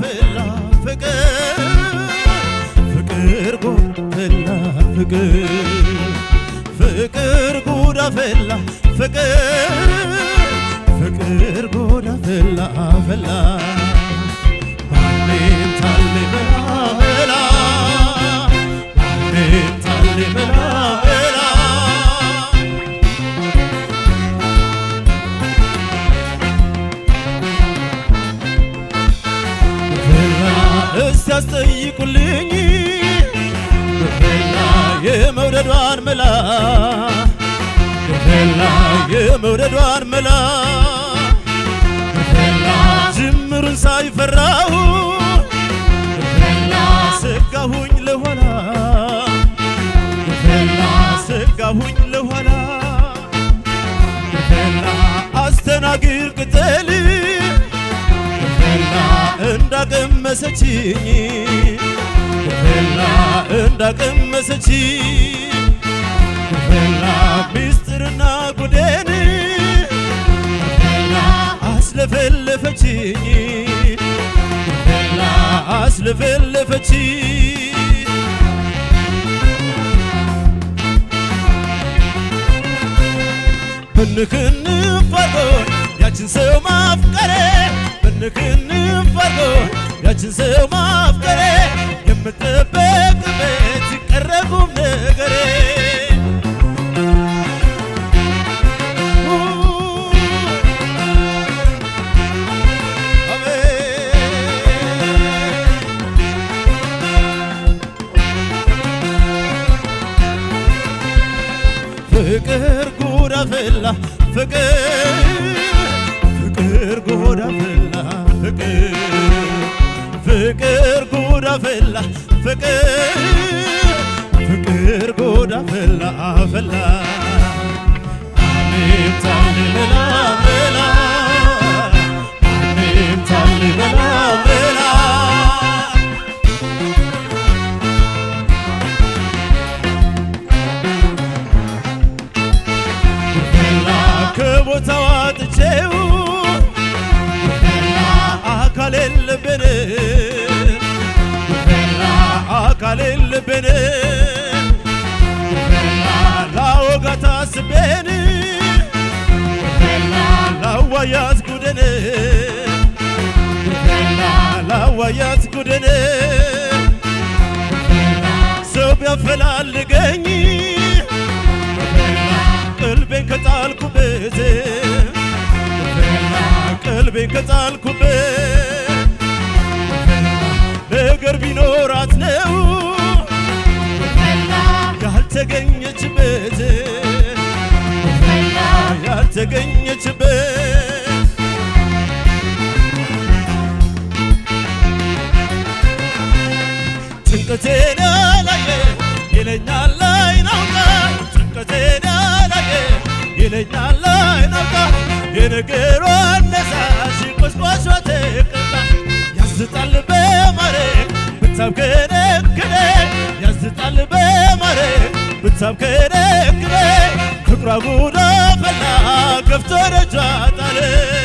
ጎርፍላ ፍቅር ፍቅር ጎርፍላ ፍቅር ፍቅር ጉድ ፍቅር ፍቅር ጉድ አፈላ አፈላ ባሌን ታሌ መላ ባሌን ታሌ መላ ሲያስጠይቁልኝ ዱቤላ የመውደዷን መላ ዱቤላ የመውደዷን መላ ጅምሩን ሳይፈራው ሰጋሁኝ ለኋላ ሰጋሁኝ ለኋላ አስተናግር ቅጠል እንዳቀመሰችኝ ክፍና እንዳቀመሰችኝ ክፍና ሚስጥርና ጉዴን ክፍና አስለፈለፈችኝ ክፍና አስለፈለፈችኝ ብንክንፈሮኝ ያችን ሰው ማፍቀሬ ብንክንፈሮ ያችን ሰው ማፍቀሬ የምጠበቅበት ቀረቁም ነገሬ ፍቅር ጉድ አፈላ ፍቅር አፈላ ፍቅር ፍቅር ጎዳ ፈላ አፈላ ከቦታው አጥቼው አካሌን አልልብን ላወጋ ታስቤን ላዋያት ጉድን ላዋያት ጉድን ሰው ቢያፈላልገኝ ቅልቤን ከጣልኩበት ቅልቤን ከጣልኩበት ነገር ቢኖራት ያልተገኘችበት ያልተገኘችበት ጭንቀቴን አላየ ይለኛል ላይ ናውቃ ጭንቀቴን አላየ ይለኛል ላይ ናውቃ የነገሯ ነሳሽ ቆስቋሿ ተቀጣ ያስጣል በማረግ ብታብከነክነ ያስጣል በማረግ ብታብከረክረ ፍቅሯ ጉዳ ፈላ ገፍቶ ረጃ ጣለ